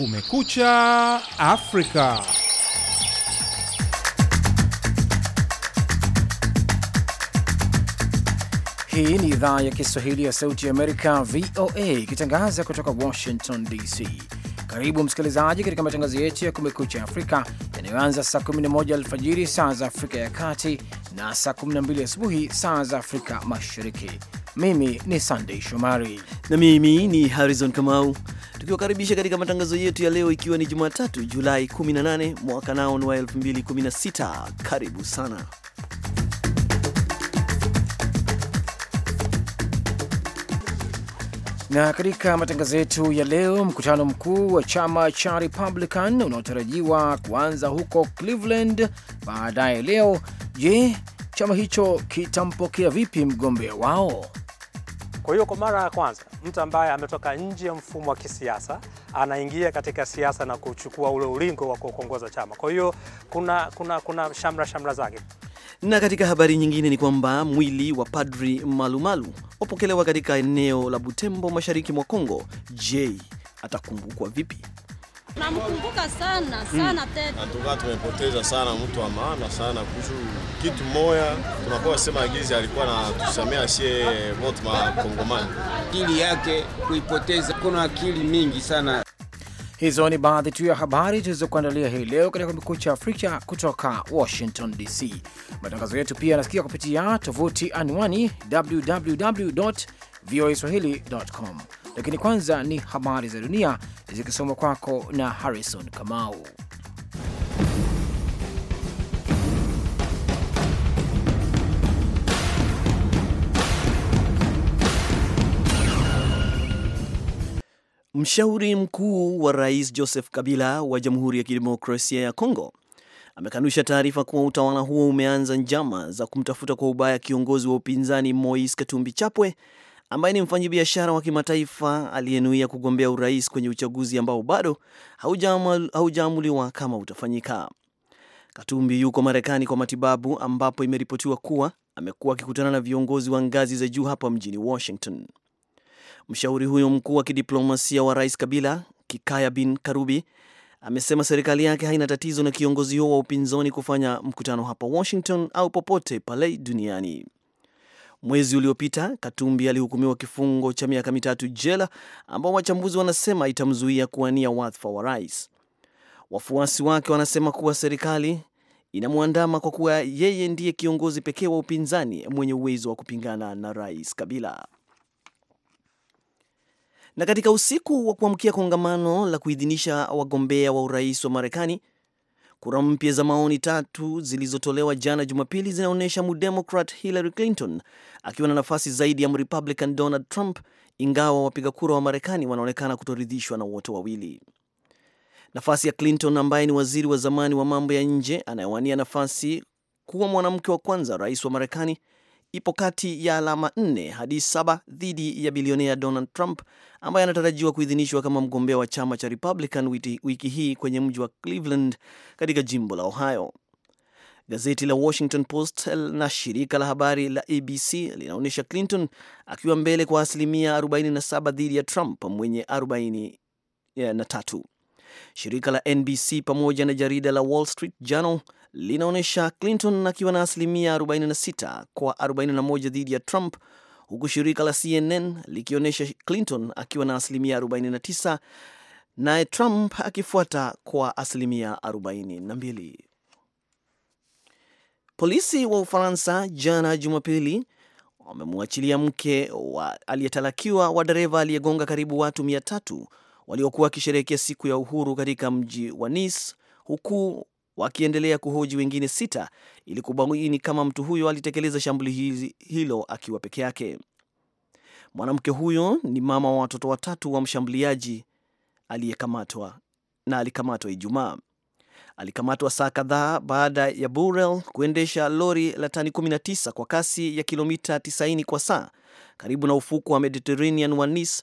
Kumekucha Afrika. Hii ni idhaa ya Kiswahili ya Sauti ya Amerika, VOA, ikitangaza kutoka Washington DC. Karibu msikilizaji, katika matangazo yetu ya Kumekucha Afrika yanayoanza saa 11 alfajiri saa za Afrika ya Kati na saa 12 asubuhi saa za Afrika Mashariki. Mimi ni Sandei Shomari na mimi ni Harrison Kamau tukiwakaribisha katika matangazo yetu ya leo, ikiwa ni Jumatatu Julai 18 mwaka nao ni wa 2016. Karibu sana. Na katika matangazo yetu ya leo, mkutano mkuu wa chama cha Republican unaotarajiwa kuanza huko Cleveland baadaye leo. Je, chama hicho kitampokea vipi mgombea wao? Kwa hiyo kwa mara ya kwanza mtu ambaye ametoka nje ya mfumo wa kisiasa anaingia katika siasa na kuchukua ule ulingo wa kuongoza chama. Kwa hiyo kuna, kuna, kuna shamra shamra zake. Na katika habari nyingine ni kwamba mwili wa Padri Malumalu wapokelewa katika eneo la Butembo mashariki mwa Kongo. Je, atakumbukwa vipi? Namkumbuka sana hmm. sana Tete natuka tumepoteza sana mtu wa maana sana kuhusu kitu moya. Tunakuwa sema agizi alikuwa na tusamea sie wote ma Kongomani. Akili yake kuipoteza kuna akili mingi sana. Hizo ni baadhi tu ya habari tulizokuandalia hii leo katika kumekuu cha Afrika kutoka Washington DC. Matangazo yetu pia yanasikia kupitia tovuti anwani www voa swahili.com lakini kwanza ni habari za dunia zikisoma kwako na Harrison Kamau. Mshauri mkuu wa rais Joseph Kabila wa Jamhuri ya Kidemokrasia ya Kongo amekanusha taarifa kuwa utawala huo umeanza njama za kumtafuta kwa ubaya kiongozi wa upinzani Moise Katumbi Chapwe ambaye ni mfanyabiashara wa kimataifa aliyenuia kugombea urais kwenye uchaguzi ambao bado haujaamuliwa kama utafanyika. Katumbi yuko Marekani kwa matibabu, ambapo imeripotiwa kuwa amekuwa akikutana na viongozi wa ngazi za juu hapa mjini Washington. Mshauri huyo mkuu wa kidiplomasia wa rais Kabila, Kikaya bin Karubi, amesema serikali yake haina tatizo na kiongozi huo wa upinzani kufanya mkutano hapa Washington au popote pale duniani. Mwezi uliopita Katumbi alihukumiwa kifungo cha miaka mitatu jela, ambao wachambuzi wanasema itamzuia kuwania wadhifa wa rais. Wafuasi wake wanasema kuwa serikali inamwandama kwa kuwa yeye ndiye kiongozi pekee wa upinzani mwenye uwezo wa kupingana na rais Kabila. Na katika usiku wa kuamkia kongamano la kuidhinisha wagombea wa urais wa Marekani, Kura mpya za maoni tatu zilizotolewa jana Jumapili zinaonyesha mudemokrat Hillary Clinton akiwa na nafasi zaidi ya mrepublican Donald Trump, ingawa wapiga kura wa Marekani wanaonekana kutoridhishwa na wote wawili. Nafasi ya Clinton ambaye ni waziri wa zamani wa mambo ya nje anayewania nafasi kuwa mwanamke wa kwanza rais wa Marekani ipo kati ya alama nne hadi saba dhidi ya bilionea Donald Trump ambaye anatarajiwa kuidhinishwa kama mgombea wa chama cha Republican wiki hii kwenye mji wa Cleveland katika jimbo la Ohio. Gazeti la Washington Post na shirika la habari la ABC linaonyesha Clinton akiwa mbele kwa asilimia 47 dhidi ya Trump mwenye 43. Eh, shirika la NBC pamoja na jarida la Wall Street Journal linaonyesha Clinton akiwa na asilimia 46 kwa 41 dhidi ya Trump, huku shirika la CNN likionyesha Clinton akiwa na asilimia 49 naye Trump akifuata kwa asilimia 42. Polisi wa Ufaransa jana Jumapili wamemwachilia mke wa aliyetalakiwa wa dereva aliyegonga karibu watu mia tatu waliokuwa wakisherehekea siku ya uhuru katika mji wa Nice, huku wakiendelea kuhoji wengine sita ili kubaini kama mtu huyo alitekeleza shambulio hilo akiwa peke yake. Mwanamke huyo ni mama wa watoto watatu wa mshambuliaji aliyekamatwa na alikamatwa Ijumaa. Alikamatwa saa kadhaa baada ya Burel kuendesha lori la tani 19 kwa kasi ya kilomita 90 kwa saa karibu na ufuku wa Mediterranean wa Nice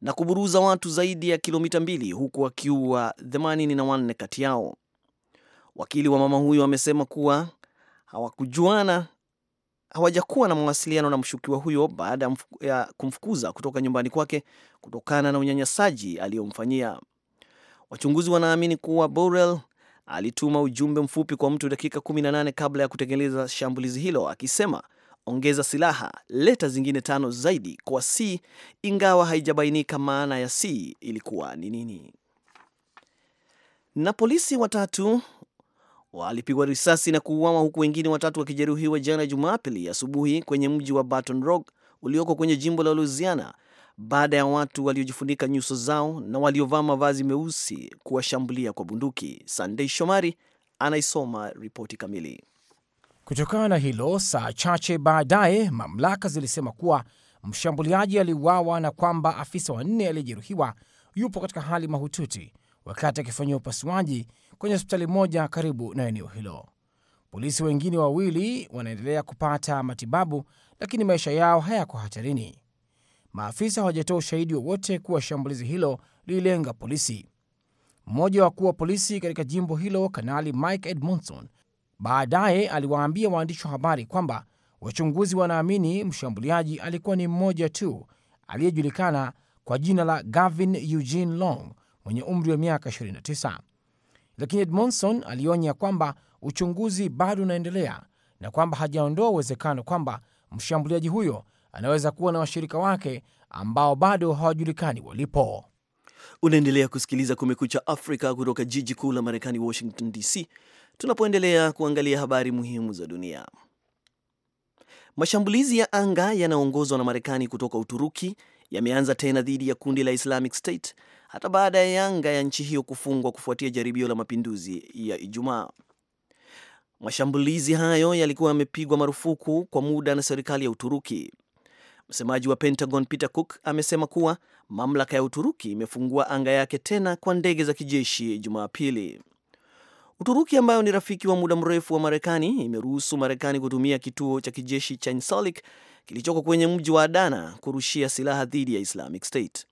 na kuburuza watu zaidi ya kilomita mbili huku akiua 84 kati yao. Wakili wa mama huyo amesema kuwa hawakujuana, hawajakuwa na mawasiliano na mshukiwa huyo baada ya kumfukuza kutoka nyumbani kwake kutokana na unyanyasaji aliyomfanyia. Wachunguzi wanaamini kuwa Borel alituma ujumbe mfupi kwa mtu dakika 18 kabla ya kutekeleza shambulizi hilo akisema, ongeza silaha, leta zingine tano zaidi kwa C, ingawa haijabainika maana ya C ilikuwa ni nini. Na polisi watatu walipigwa risasi na kuuawa huku wengine watatu wakijeruhiwa jana Jumapili asubuhi kwenye mji wa Baton Rouge ulioko kwenye jimbo la Louisiana baada ya watu waliojifunika nyuso zao na waliovaa mavazi meusi kuwashambulia kwa bunduki. Sandei Shomari anaisoma ripoti kamili. Kutokana na hilo, saa chache baadaye mamlaka zilisema kuwa mshambuliaji aliuawa na kwamba afisa wanne aliyejeruhiwa yupo katika hali mahututi wakati akifanyiwa upasuaji kwenye hospitali moja karibu na eneo hilo. Polisi wengine wawili wanaendelea kupata matibabu, lakini maisha yao hayako hatarini. Maafisa hawajatoa ushahidi wowote kuwa shambulizi hilo lililenga polisi. Mmoja wa kuu wa polisi katika jimbo hilo, Kanali Mike Edmondson, baadaye aliwaambia waandishi wa habari kwamba wachunguzi wanaamini mshambuliaji alikuwa ni mmoja tu aliyejulikana kwa jina la Gavin Eugene Long mwenye umri wa miaka 29 lakini Edmondson alionya kwamba uchunguzi bado unaendelea na kwamba hajaondoa uwezekano kwamba mshambuliaji huyo anaweza kuwa na washirika wake ambao bado hawajulikani walipo. Unaendelea kusikiliza Kumekucha Afrika kutoka jiji kuu la Marekani, Washington DC, tunapoendelea kuangalia habari muhimu za dunia. Mashambulizi ya anga yanaongozwa na Marekani kutoka Uturuki yameanza tena dhidi ya kundi la Islamic State hata baada ya yanga ya nchi hiyo kufungwa kufuatia jaribio la mapinduzi ya Ijumaa. Mashambulizi hayo yalikuwa yamepigwa marufuku kwa muda na serikali ya Uturuki. Msemaji wa Pentagon Peter Cook amesema kuwa mamlaka ya Uturuki imefungua anga yake tena kwa ndege za kijeshi Jumapili. Uturuki ambayo ni rafiki wa muda mrefu wa Marekani imeruhusu Marekani kutumia kituo cha kijeshi cha Incirlik kilichoko kwenye mji wa Adana kurushia silaha dhidi ya Islamic State.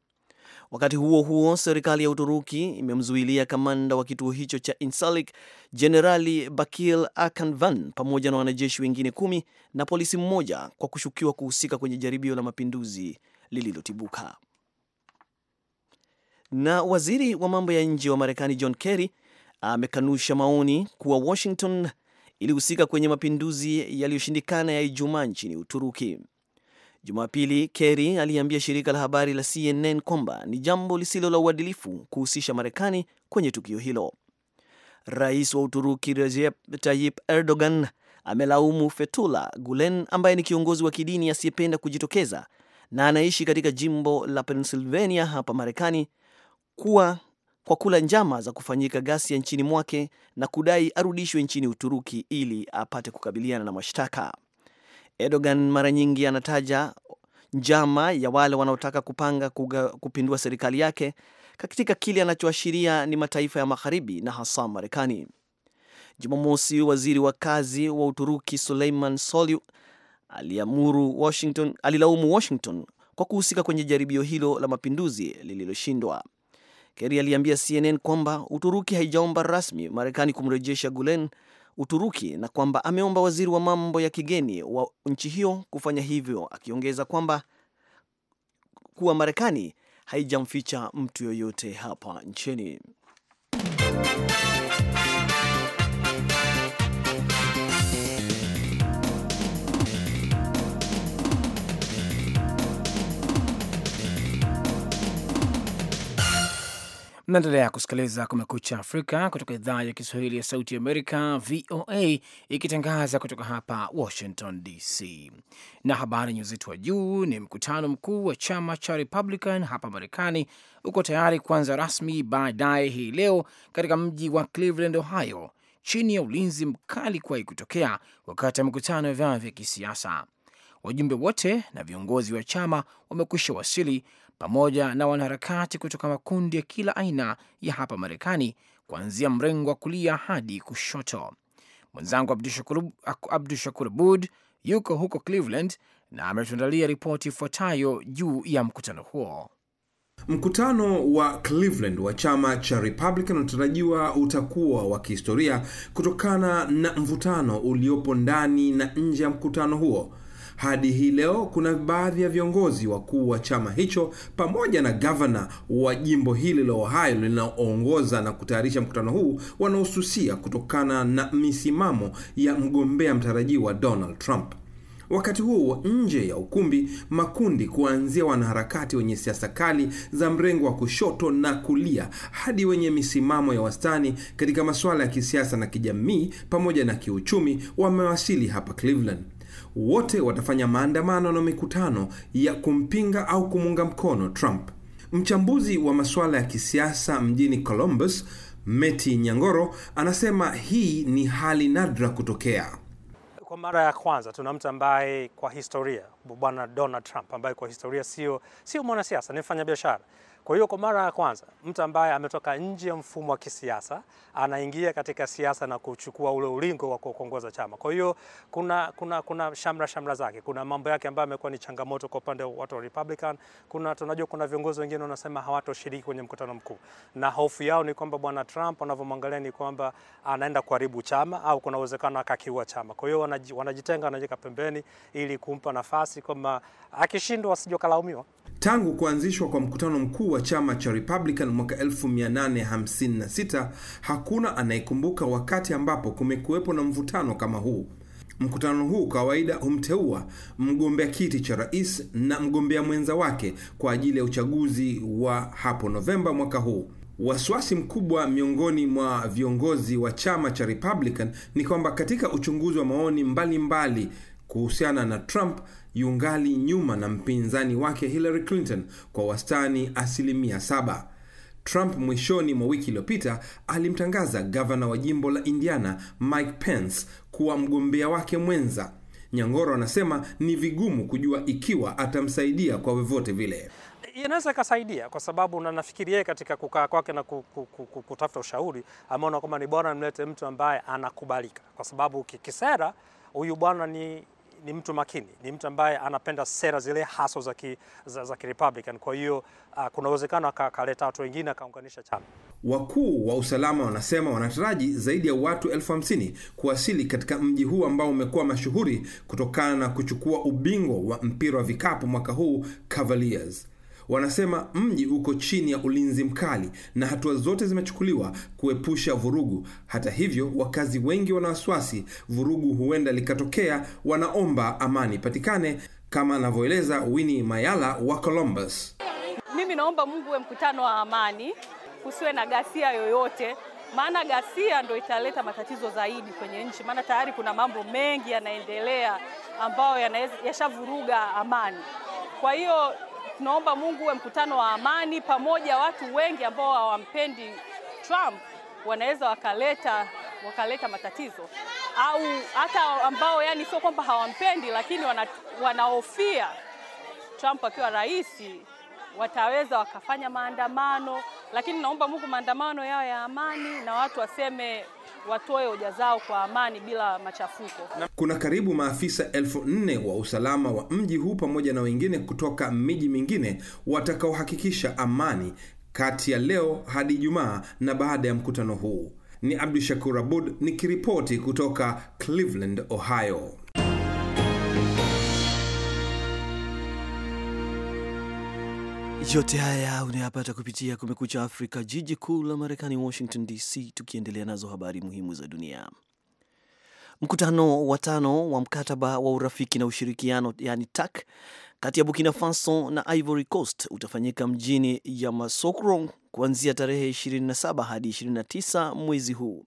Wakati huo huo, serikali ya Uturuki imemzuilia kamanda wa kituo hicho cha Insalik Jenerali Bakil Akanvan pamoja na wanajeshi wengine kumi na polisi mmoja kwa kushukiwa kuhusika kwenye jaribio la mapinduzi lililotibuka. Na waziri wa mambo ya nje wa Marekani John Kerry amekanusha maoni kuwa Washington ilihusika kwenye mapinduzi yaliyoshindikana ya Ijumaa nchini Uturuki. Jumapili, Kerry aliambia shirika la habari la CNN kwamba ni jambo lisilo la uadilifu kuhusisha Marekani kwenye tukio hilo. Rais wa Uturuki Recep Tayyip Erdogan amelaumu Fethullah Gulen ambaye ni kiongozi wa kidini asiyependa kujitokeza na anaishi katika jimbo la Pennsylvania hapa Marekani kuwa kwa kula njama za kufanyika ghasia nchini mwake na kudai arudishwe nchini Uturuki ili apate kukabiliana na mashtaka. Erdogan mara nyingi anataja njama ya wale wanaotaka kupanga kuga, kupindua serikali yake katika kile anachoashiria ni mataifa ya magharibi na hasa Marekani. Jumamosi, waziri wa kazi wa Uturuki Suleiman Soylu aliamuru Washington, alilaumu Washington kwa kuhusika kwenye jaribio hilo la mapinduzi lililoshindwa. Kerry aliambia CNN kwamba Uturuki haijaomba rasmi Marekani kumrejesha Gulen Uturuki na kwamba ameomba waziri wa mambo ya kigeni wa nchi hiyo kufanya hivyo, akiongeza kwamba kuwa Marekani haijamficha mtu yoyote hapa nchini. naendelea kusikiliza Kumekucha Afrika kutoka idhaa ya Kiswahili ya Sauti ya Amerika, VOA, ikitangaza kutoka hapa Washington DC. Na habari yenye uzito wa juu ni mkutano mkuu wa chama cha Republican hapa Marekani uko tayari kuanza rasmi baadaye hii leo katika mji wa Cleveland, Ohio, chini ya ulinzi mkali kuwahi kutokea wakati wa mikutano ya vyama vya kisiasa. Wajumbe wote na viongozi wa chama wamekwisha wasili pamoja na wanaharakati kutoka makundi ya kila aina ya hapa Marekani, kuanzia mrengo wa kulia hadi kushoto. Mwenzangu Abdu Shakur Abud yuko huko Cleveland na ametuandalia ripoti ifuatayo juu ya mkutano huo. Mkutano wa Cleveland wa chama cha Republican unatarajiwa utakuwa wa kihistoria kutokana na mvutano uliopo ndani na nje ya mkutano huo. Hadi hii leo kuna baadhi ya viongozi wakuu wa chama hicho pamoja na gavana wa jimbo hili la Ohio linaoongoza na kutayarisha mkutano huu wanaosusia kutokana na misimamo ya mgombea mtarajiwa Donald Trump. Wakati huo nje ya ukumbi, makundi kuanzia wanaharakati wenye siasa kali za mrengo wa kushoto na kulia hadi wenye misimamo ya wastani katika masuala ya kisiasa na kijamii pamoja na kiuchumi wamewasili hapa Cleveland wote watafanya maandamano na mikutano ya kumpinga au kumuunga mkono Trump. Mchambuzi wa masuala ya kisiasa mjini Columbus, Meti Nyangoro, anasema hii ni hali nadra kutokea. Kwa mara ya kwanza tuna mtu ambaye kwa historia, bwana Donald Trump, ambaye kwa historia sio sio mwanasiasa, ni mfanyabiashara kwa hiyo kwa mara ya kwanza mtu ambaye ametoka nje ya mfumo wa kisiasa anaingia katika siasa na kuchukua ule ulingo wa kuongoza chama. Kwa hiyo kuna, kuna, kuna shamra shamra zake, kuna mambo yake ambayo amekuwa ni changamoto kwa upande wa watu wa Republican. Kuna tunajua kuna viongozi wengine wanasema hawatoshiriki kwenye mkutano mkuu, na hofu yao ni kwamba bwana Trump wanavyomwangalia ni kwamba anaenda kuharibu chama au kuna uwezekano akakiua chama. Kwa hiyo wanajitenga, wanajika pembeni ili kumpa nafasi kwamba akishindwa asijokalaumiwa. Tangu kuanzishwa kwa mkutano mkuu wa chama cha Republican mwaka 1856, hakuna anayekumbuka wakati ambapo kumekuwepo na mvutano kama huu. Mkutano huu kawaida humteua mgombea kiti cha rais na mgombea mwenza wake kwa ajili ya uchaguzi wa hapo Novemba mwaka huu. Wasiwasi mkubwa miongoni mwa viongozi wa chama cha Republican ni kwamba katika uchunguzi wa maoni mbalimbali mbali, kuhusiana na Trump yungali nyuma na mpinzani wake Hillary Clinton kwa wastani asilimia saba. Trump mwishoni mwa wiki iliyopita alimtangaza gavana wa jimbo la Indiana Mike Pence kuwa mgombea wake mwenza. Nyangoro anasema ni vigumu kujua ikiwa atamsaidia kwa vyovyote vile. Inaweza ikasaidia kwa sababu na yeye katika kukaa kwake na kutafuta ushauri ameona kwamba ni bora nimlete mtu ambaye anakubalika, kwa sababu kikisera huyu bwana ni ni mtu makini, ni mtu ambaye anapenda sera zile haso za, ki, za, za Republican. Kwa hiyo uh, kuna uwezekano akaleta watu wengine akaunganisha chama. Wakuu wa usalama wanasema wanataraji zaidi ya watu elfu hamsini kuwasili katika mji huu ambao umekuwa mashuhuri kutokana na kuchukua ubingwa wa mpira wa vikapu mwaka huu Cavaliers. Wanasema mji uko chini ya ulinzi mkali na hatua zote zimechukuliwa kuepusha vurugu. Hata hivyo, wakazi wengi wana wasiwasi vurugu huenda likatokea, wanaomba amani patikane, kama anavyoeleza Winnie Mayala wa Columbus. Mimi naomba Mungu uwe mkutano wa amani, kusiwe na ghasia yoyote, maana ghasia ndo italeta matatizo zaidi kwenye nchi, maana tayari kuna mambo mengi yanaendelea ambayo yashavuruga amani. Kwa hiyo tunaomba Mungu uwe mkutano wa amani, pamoja watu wengi ambao hawampendi Trump wanaweza wakaleta wakaleta matatizo au hata ambao yani sio kwamba hawampendi, lakini wana, wanahofia Trump akiwa rais wataweza wakafanya maandamano, lakini naomba Mungu maandamano yao ya amani na watu waseme watoe hoja zao kwa amani bila machafuko. Kuna karibu maafisa elfu nne wa usalama wa mji huu pamoja na wengine kutoka miji mingine watakaohakikisha amani kati ya leo hadi Ijumaa na baada ya mkutano huu. Ni Abdu Shakur Abud nikiripoti kutoka Cleveland, Ohio. Yote haya unayapata kupitia Kumekucha Afrika, jiji kuu la Marekani, Washington DC, tukiendelea nazo habari muhimu za dunia. Mkutano wa tano wa mkataba wa urafiki na ushirikiano yani TAC kati ya Burkina Faso na Ivory Coast utafanyika mjini Yamoussoukro kuanzia tarehe 27 hadi 29 mwezi huu.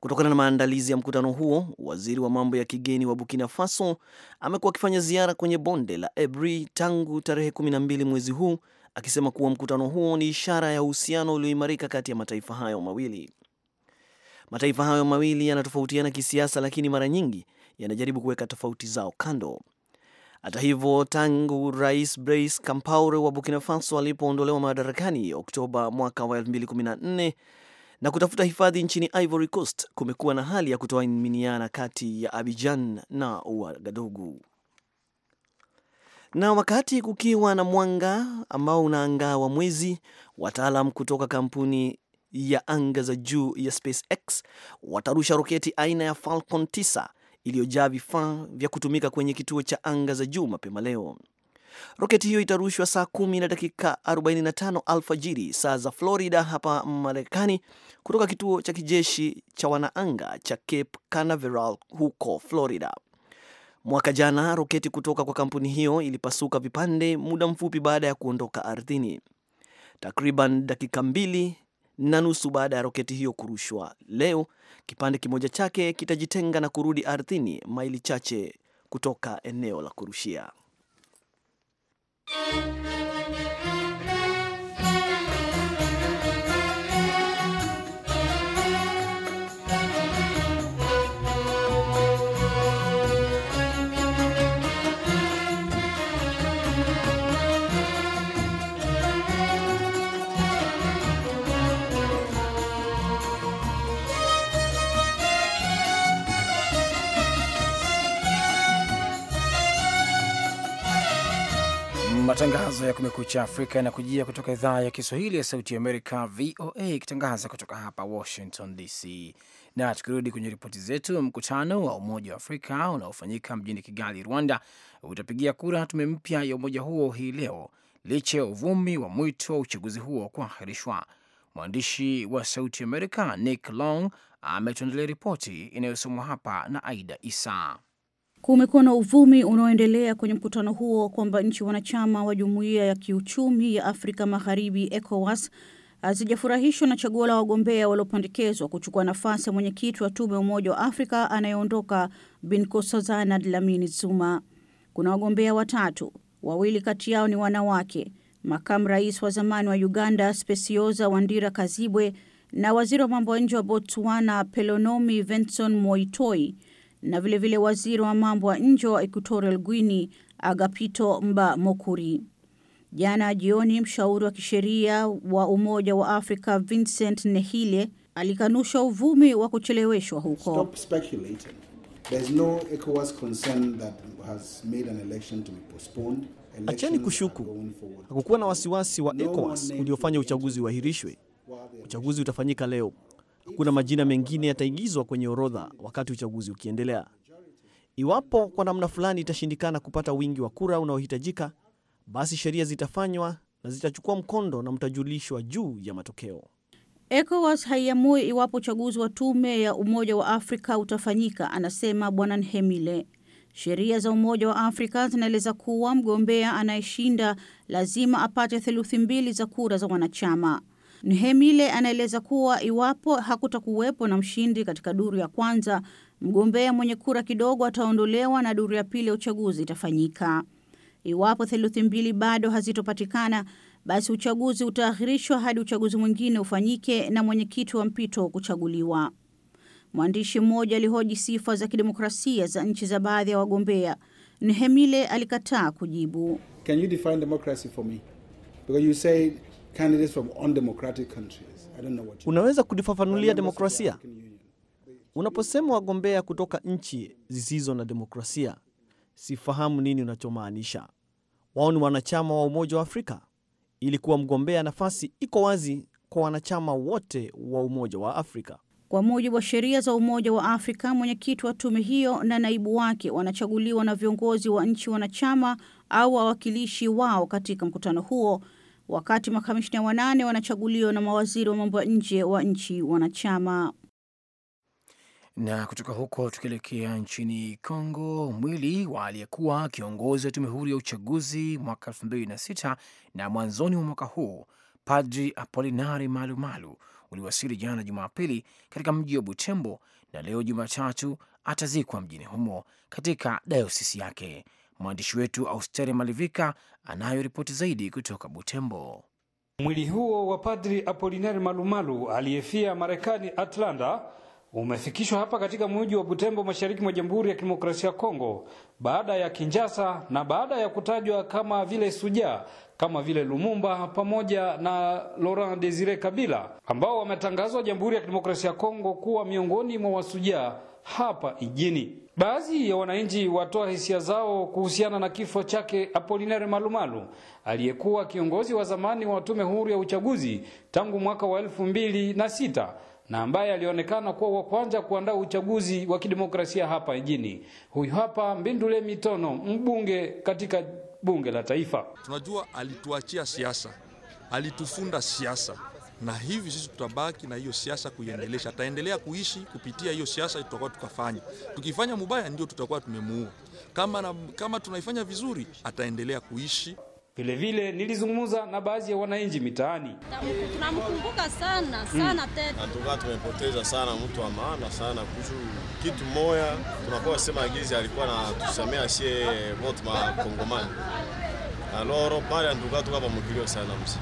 Kutokana na maandalizi ya mkutano huo, waziri wa mambo ya kigeni wa Burkina Faso amekuwa akifanya ziara kwenye bonde la Ebri tangu tarehe 12 mwezi huu, akisema kuwa mkutano huo ni ishara ya uhusiano ulioimarika kati ya mataifa hayo mawili. Mataifa hayo mawili yanatofautiana kisiasa, lakini mara nyingi yanajaribu kuweka tofauti zao kando. Hata hivyo, tangu Rais Blaise Compaore wa Burkina Faso alipoondolewa madarakani Oktoba mwaka wa 2014 na kutafuta hifadhi nchini Ivory Coast, kumekuwa na hali ya kutoaminiana kati ya Abidjan na Ouagadougou. Na wakati kukiwa na mwanga ambao wa mwezi, wataalam kutoka kampuni ya anga za juu ya SpaceX watarusha roketi aina ya Falcon 9 iliyojaa vifaa vya kutumika kwenye kituo cha anga za juu mapema leo. Roketi hiyo itarushwa saa kumi na dakika 45 alfajiri saa za Florida hapa Marekani, kutoka kituo cha kijeshi cha wanaanga cha Cape Canaveral huko Florida. Mwaka jana roketi kutoka kwa kampuni hiyo ilipasuka vipande muda mfupi baada ya kuondoka ardhini, takriban dakika mbili na nusu baada ya roketi hiyo kurushwa. Leo kipande kimoja chake kitajitenga na kurudi ardhini maili chache kutoka eneo la kurushia. Música Matangazo ya Kumekucha Afrika yanakujia kutoka idhaa ya Kiswahili ya Sauti Amerika, VOA, ikitangaza kutoka hapa Washington DC. Na tukirudi kwenye ripoti zetu, mkutano wa Umoja wa Afrika unaofanyika mjini Kigali, Rwanda, utapigia kura tume mpya ya umoja huo hii leo, licha ya uvumi wa mwito wa uchaguzi huo kuahirishwa. Mwandishi wa Sauti Amerika Nick Long ametuandalia ripoti inayosomwa hapa na Aida Isa. Kumekuwa na uvumi unaoendelea kwenye mkutano huo kwamba nchi wanachama wa jumuiya ya kiuchumi ya Afrika Magharibi, ECOWAS, hazijafurahishwa na chaguo la wagombea waliopendekezwa kuchukua nafasi ya mwenyekiti wa tume ya Umoja wa Afrika anayeondoka Binkosazana Dlamini Zuma. Kuna wagombea watatu, wawili kati yao ni wanawake: makamu rais wa zamani wa Uganda Spesioza Wandira Kazibwe na waziri wa mambo ya nje wa Botswana Pelonomi Venson Moitoi na vilevile vile waziri wa mambo ya nje wa Equatorial Guinea Agapito Mba Mokuri. Jana jioni, mshauri wa kisheria wa Umoja wa Afrika Vincent Nehile alikanusha uvumi wa kucheleweshwa huko. Acheni kushuku. Hakukuwa na wasiwasi wa ECOWAS uliofanya uchaguzi uahirishwe. Uchaguzi utafanyika leo kuna majina mengine yataingizwa kwenye orodha wakati uchaguzi ukiendelea. Iwapo kwa namna fulani itashindikana kupata wingi wa kura unaohitajika, basi sheria zitafanywa na zitachukua mkondo na mtajulishwa juu ya matokeo. ECOWAS haiamui iwapo uchaguzi wa tume ya Umoja wa Afrika utafanyika, anasema Bwana Nhemile. Sheria za Umoja wa Afrika zinaeleza kuwa mgombea anayeshinda lazima apate theluthi mbili za kura za wanachama. Nhemile anaeleza kuwa iwapo hakutakuwepo na mshindi katika duru ya kwanza, mgombea mwenye kura kidogo ataondolewa na duru ya pili ya uchaguzi itafanyika. Iwapo theluthi mbili bado hazitopatikana, basi uchaguzi utaahirishwa hadi uchaguzi mwingine ufanyike na mwenyekiti wa mpito kuchaguliwa. Mwandishi mmoja alihoji sifa za kidemokrasia za nchi za baadhi ya wagombea. Nhemile alikataa kujibu. Can you define democracy for me? Because you say candidates from undemocratic countries. I don't know what you unaweza kudifafanulia demokrasia unaposema wagombea kutoka nchi zisizo na demokrasia. Sifahamu nini unachomaanisha. Wao ni wanachama wa Umoja wa Afrika. Ili kuwa mgombea, nafasi iko wazi kwa wanachama wote wa Umoja wa Afrika. Kwa mujibu wa sheria za Umoja wa Afrika, mwenyekiti wa tume hiyo na naibu wake wanachaguliwa na viongozi wa nchi wanachama au wawakilishi wao katika mkutano huo wakati makamishna wanane wanachaguliwa na mawaziri wa mambo ya nje wa nchi wanachama. Na kutoka huko tukielekea nchini congo mwili wa aliyekuwa kiongozi wa tume huru ya uchaguzi mwaka elfu 2006 na mwanzoni mwa mwaka huu Padri Apolinari Malumalu uliwasili jana Jumapili katika mji wa Butembo na leo Jumatatu atazikwa mjini humo katika dayosisi yake. Mwandishi wetu Austeri Malivika anayo ripoti zaidi kutoka Butembo. Mwili huo wa Padri Apolinari Malumalu aliyefia Marekani, Atlanta, umefikishwa hapa katika mji wa Butembo, mashariki mwa Jamhuri ya Kidemokrasia ya Kongo, baada ya Kinjasa na baada ya kutajwa kama vile suja kama vile Lumumba pamoja na Laurent Desire Kabila ambao wametangazwa Jamhuri ya Kidemokrasia ya Kongo kuwa miongoni mwa wasujaa hapa ijini. Baadhi ya wananchi watoa hisia zao kuhusiana na kifo chake Apolinare Malumalu aliyekuwa kiongozi wa zamani wa tume huru ya uchaguzi tangu mwaka wa elfu mbili na sita na ambaye alionekana kuwa wa kwanza kuandaa uchaguzi wa kidemokrasia hapa ijini. Huyu hapa Mbindule Mitono, mbunge katika bunge la taifa. Tunajua alituachia siasa, alitufunda siasa na hivi sisi tutabaki na hiyo siasa kuiendelesha. Ataendelea kuishi kupitia hiyo siasa tutakuwa tukafanya. Tukifanya mubaya, ndio tutakuwa tumemuua. Kama, na, kama tunaifanya vizuri, ataendelea kuishi vilevile. Nilizungumza na baadhi ya wananchi mitaani. Tunamkumbuka sana sana hmm. tena, tukaa tumepoteza sana mtu wa maana sana kuhusu kitu moya. Tunakuwa sema gizi alikuwa natusemea sie vote makongomani aloro pale antukatuka pamukilio sana msi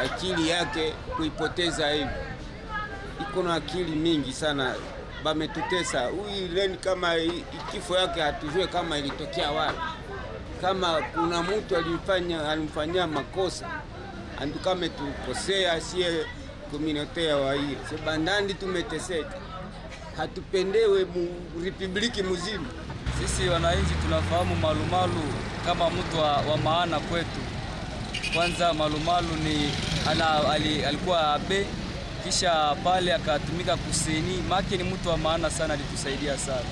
akili yake kuipoteza hivi. Iko na akili mingi sana, bametutesa huyu Irene. Kama kifo yake hatujue kama ilitokea wapi, kama kuna mtu alimfanya alimfanyia makosa kama tukosea sie kominote ya Waire sebandandi, tumeteseka hatupendewe mu republiki muzima. Sisi wananchi tunafahamu Malumalu kama mtu wa, wa maana kwetu kwanza Malumalu ni ana, ali, alikuwa abe kisha pale akatumika kuseni make, ni mtu wa maana sana, alitusaidia sana.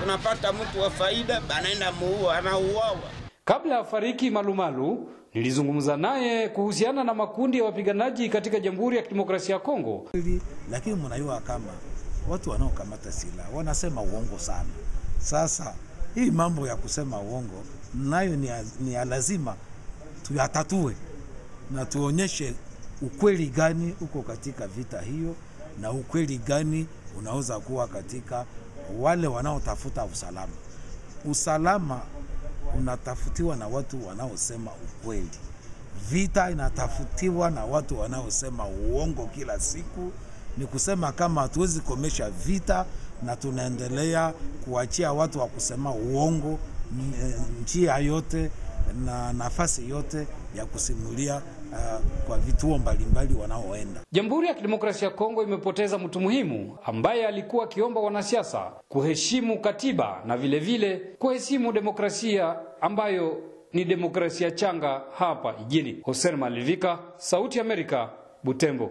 Tunapata mtu wa faida, anaenda muua, anauawa. Kabla ya fariki Malumalu nilizungumza naye kuhusiana na makundi ya wapiganaji katika Jamhuri ya Kidemokrasia ya Kongo. Lakini mnajua kama watu wanaokamata silaha wanasema uongo sana. Sasa hii mambo ya kusema uongo nayo ni, ni lazima tuyatatue na tuonyeshe ukweli gani uko katika vita hiyo na ukweli gani unaweza kuwa katika wale wanaotafuta usalama. Usalama unatafutiwa na watu wanaosema ukweli. Vita inatafutiwa na watu wanaosema uongo kila siku. Ni kusema kama hatuwezi komesha vita na tunaendelea kuachia watu wa kusema uongo mm, eh, njia yote na nafasi yote ya kusimulia uh, kwa vituo mbalimbali wanaoenda. Jamhuri ya Kidemokrasia ya Kongo imepoteza mtu muhimu ambaye alikuwa akiomba wanasiasa kuheshimu katiba na vilevile kuheshimu demokrasia ambayo ni demokrasia changa hapa jijini. hosen Malivika, Sauti ya Amerika, Butembo.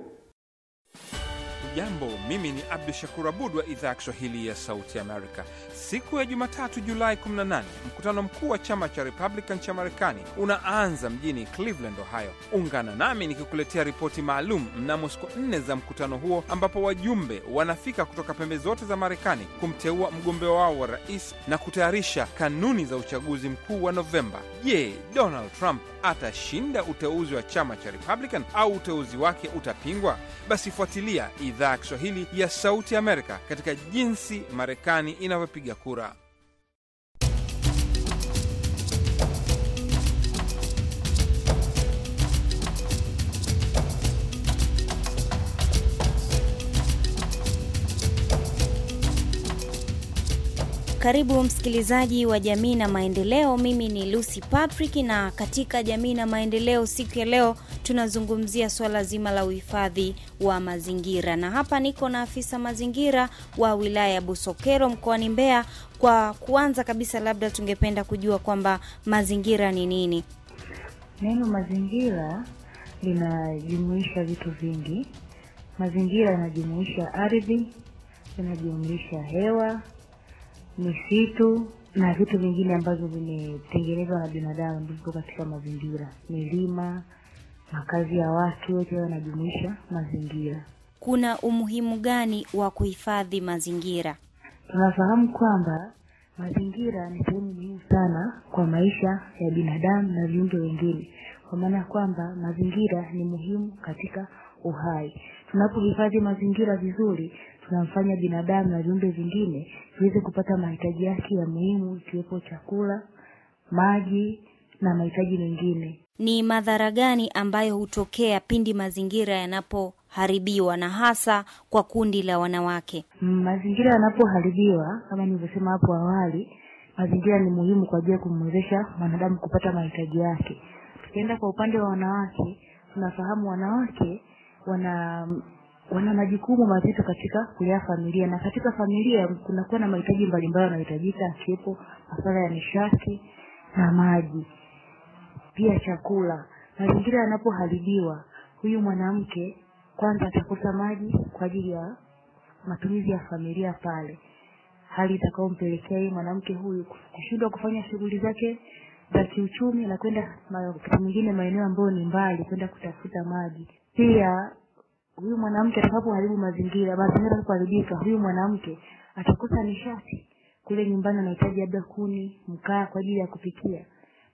Hujambo, mimi ni Abdu Shakur Abud wa idhaa ya Kiswahili ya Sauti Amerika. Siku ya Jumatatu, Julai 18, mkutano mkuu wa chama cha Republican cha Marekani unaanza mjini Cleveland, Ohio. Ungana nami nikikuletea ripoti maalum mnamo siku nne za mkutano huo, ambapo wajumbe wanafika kutoka pembe zote za Marekani kumteua mgombea wao wa rais na kutayarisha kanuni za uchaguzi mkuu wa Novemba. Je, Donald Trump atashinda uteuzi wa chama cha Republican au uteuzi wake utapingwa? Basi fuatilia idhaa idhaa ya Kiswahili ya Sauti Amerika katika jinsi Marekani inavyopiga kura. Karibu msikilizaji wa Jamii na Maendeleo. Mimi ni Lucy Patrick, na katika Jamii na Maendeleo siku ya leo tunazungumzia swala zima la uhifadhi wa mazingira, na hapa niko na afisa mazingira wa wilaya ya Busokero mkoani Mbeya. Kwa kuanza kabisa, labda tungependa kujua kwamba mazingira ni nini? Neno mazingira linajumuisha vitu vingi. Mazingira yanajumuisha ardhi, yanajumuisha hewa misitu na vitu vingine ambavyo vimetengenezwa na binadamu vipo katika mazingira, milima, makazi ya watu, yote hayo yanajumuisha mazingira. Kuna umuhimu gani wa kuhifadhi mazingira? Tunafahamu kwamba mazingira ni sehemu muhimu sana kwa maisha ya binadamu na viumbe wengine, kwa maana ya kwamba mazingira ni muhimu katika uhai. Tunapohifadhi mazingira vizuri, tunamfanya binadamu na viumbe vingine viweze kupata mahitaji yake ya muhimu ikiwepo chakula, maji na mahitaji mengine. Ni madhara gani ambayo hutokea pindi mazingira yanapoharibiwa na hasa kwa kundi la wanawake? Mm, mazingira yanapoharibiwa, kama nilivyosema hapo awali, mazingira ni muhimu kwa ajili ya kumwezesha mwanadamu kupata mahitaji yake. Tukienda kwa upande wa wanawake, tunafahamu wanawake wana wana majukumu mazito katika kulea familia, na katika familia kunakuwa na mahitaji mbalimbali yanayohitajika, akiwepo masuala ya nishati na maji, pia chakula. Mazingira yanapoharibiwa, huyu mwanamke kwanza atakosa maji kwa ajili ya matumizi ya familia pale, hali itakayompelekea yeye mwanamke huyu kushindwa kufanya shughuli zake za kiuchumi na kwenda mwingine maeneo ambayo ni mbali kwenda kutafuta maji. Pia huyu mwanamke haribu mazingira mazingira atakapoharibika huyu mwanamke atakosa nishati kule nyumbani anahitaji labda kuni mkaa kwa ajili ya kupikia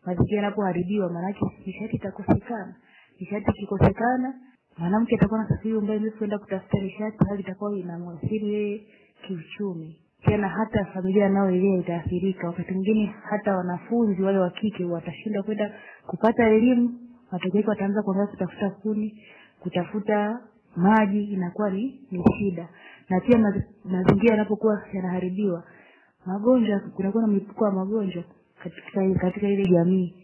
mazingira yanapoharibiwa maanake nishati itakosekana nishati ikikosekana mwanamke atakuwa na nasafiri umbali mrefu kwenda kutafuta nishati hali itakuwa inamwasiri yeye kiuchumi tena hata familia nao ilia itaathirika wakati mwingine hata wanafunzi wale wa kike watashindwa kwenda kupata elimu matokeo wataanza kuangaa kutafuta kuni kutafuta maji inakuwa ni ni shida, na pia mazingira yanapokuwa yanaharibiwa, magonjwa kunakuwa na mlipuko wa magonjwa katika katika ile jamii,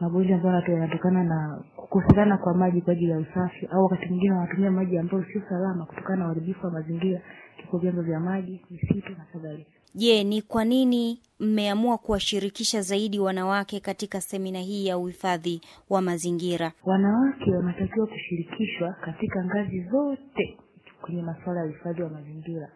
magonjwa ambayo yanatokana na kukosekana kwa maji kwa ajili ya usafi, au wakati mwingine wanatumia maji ambayo sio salama kutokana na uharibifu wa mazingira, kiko vyanzo vya maji, misitu na kadhalika. Je, ni kwa nini mmeamua kuwashirikisha zaidi wanawake katika semina hii ya uhifadhi wa mazingira? Wanawake wanatakiwa kushirikishwa katika ngazi zote kwenye masuala ya uhifadhi wa mazingira.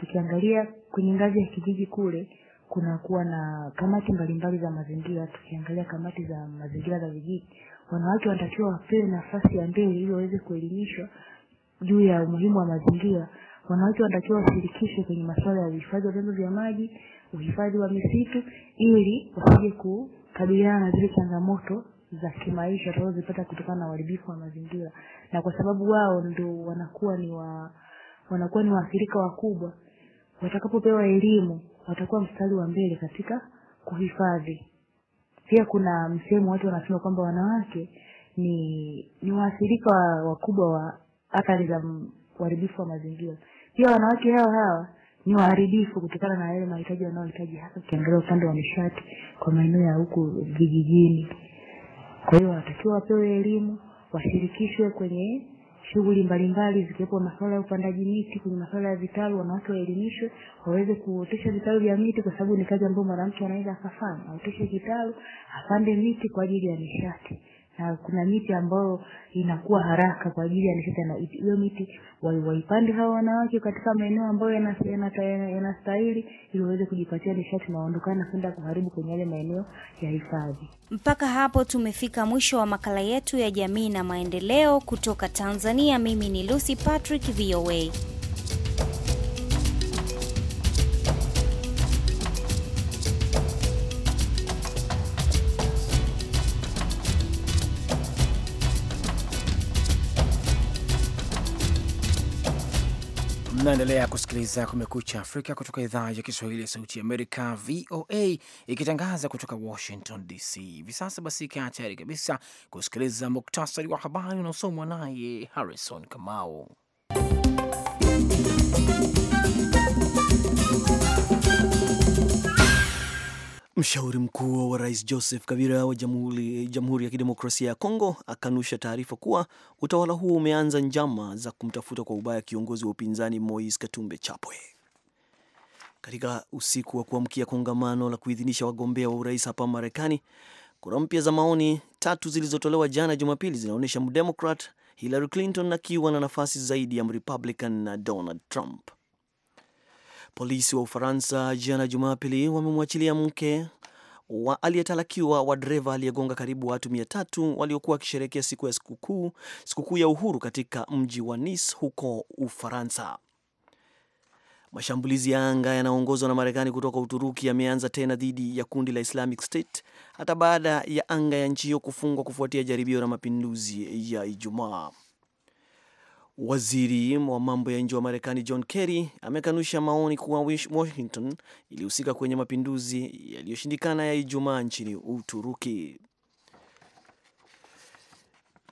Tukiangalia kwenye ngazi ya kijiji kule kunakuwa na kamati mbalimbali za mazingira. Tukiangalia kamati za mazingira za vijiji, wanawake wanatakiwa wapewe nafasi ya mbele ili waweze kuelimishwa juu ya umuhimu wa mazingira wanawake wanatakiwa washirikishwe kwenye masuala ya uhifadhi wa vyanzo vya maji uhifadhi wa misitu ili wasije kukabiliana na zile changamoto za kimaisha tunazozipata kutokana na uharibifu wa mazingira na kwa sababu wao ndo wanakuwa ni wa wanakuwa ni waathirika wakubwa watakapopewa elimu watakuwa mstari wa mbele katika kuhifadhi pia kuna msemo watu wanasema kwamba wanawake ni ni waathirika wakubwa wa athari za uharibifu wa mazingira pia wanawake hao hawa ni waharibifu kutokana na yale mahitaji wanaohitaji hasa ukiangalia upande wa nishati kwa maeneo ya huku vijijini kwa hiyo wanatakiwa wapewe elimu washirikishwe kwenye shughuli mbalimbali zikiwepo masuala ya upandaji miti kwenye masuala ya vitalu wanawake waelimishwe waweze kuotesha vitalu vya miti kwa sababu ni kazi ambayo mwanamke anaweza akafanya aoteshe kitalu apande miti kwa ajili ya nishati na ah, kuna miti ambayo inakuwa haraka kwa ajili ya nishati na hiyo miti waipande hawa wanawake katika maeneo ambayo yanastahili ili waweze kujipatia nishati na waondokana kwenda kuharibu kwenye yale maeneo ya hifadhi. Mpaka hapo tumefika mwisho wa makala yetu ya jamii na maendeleo kutoka Tanzania. Mimi ni Lucy Patrick, VOA. Mnaendelea kusikiliza Kumekucha Afrika kutoka idhaa ya Kiswahili ya Sauti Amerika, VOA, ikitangaza kutoka Washington DC hivi sasa. Basi kaa tayari kabisa kusikiliza muktasari wa habari unaosomwa naye Harrison Kamau. Mshauri mkuu wa rais Joseph Kabila wa Jamhuri, Jamhuri ya Kidemokrasia ya Kongo akanusha taarifa kuwa utawala huo umeanza njama za kumtafuta kwa ubaya kiongozi wa upinzani Moise Katumbe Chapwe. Katika usiku wa kuamkia kongamano la kuidhinisha wagombea wa urais hapa Marekani, kura mpya za maoni tatu zilizotolewa jana Jumapili zinaonyesha Mdemokrat Hillary Clinton akiwa na nafasi zaidi ya Mrepublican na Donald Trump. Polisi wa Ufaransa jana Jumapili wamemwachilia mke wa aliyetalakiwa wa dereva aliyegonga karibu watu mia tatu waliokuwa wakisherehekea siku ya sikukuu sikukuu ya uhuru katika mji wa Nice huko Ufaransa. Mashambulizi ya anga yanayoongozwa na Marekani kutoka Uturuki yameanza tena dhidi ya kundi la Islamic State hata baada ya anga ya nchi hiyo kufungwa kufuatia jaribio la mapinduzi ya Ijumaa. Waziri wa mambo ya nje wa Marekani John Kerry amekanusha maoni kuwa Washington ilihusika kwenye mapinduzi yaliyoshindikana ya Ijumaa nchini Uturuki.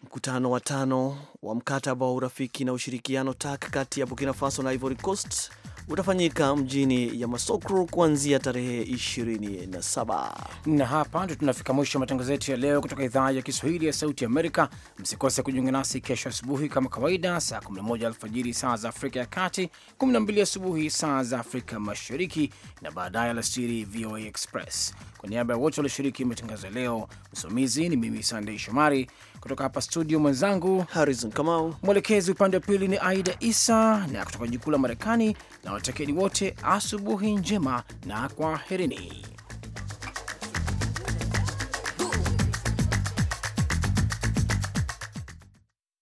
Mkutano wa tano wa mkataba wa urafiki na ushirikiano TAK kati ya Burkina Faso na Ivory Coast utafanyika mjini Yamasokro kuanzia tarehe 27. Na hapa ndio tunafika mwisho matangazo yetu ya leo kutoka idhaa ya Kiswahili ya Sauti Amerika. Msikose kujiunga nasi kesho asubuhi kama kawaida, saa 11 alfajiri saa za Afrika ya Kati, 12 asubuhi saa za Afrika Mashariki, na baadaye alasiri VOA Express. Kwa niaba ya wote walioshiriki matangazo ya leo, msimamizi ni mimi Sandei Shomari. Kutoka hapa studio, mwenzangu Harrison Kamau, mwelekezi upande wa pili ni Aida Isa, na kutoka jukuu la Marekani na watakieni wote asubuhi njema na kwaherini.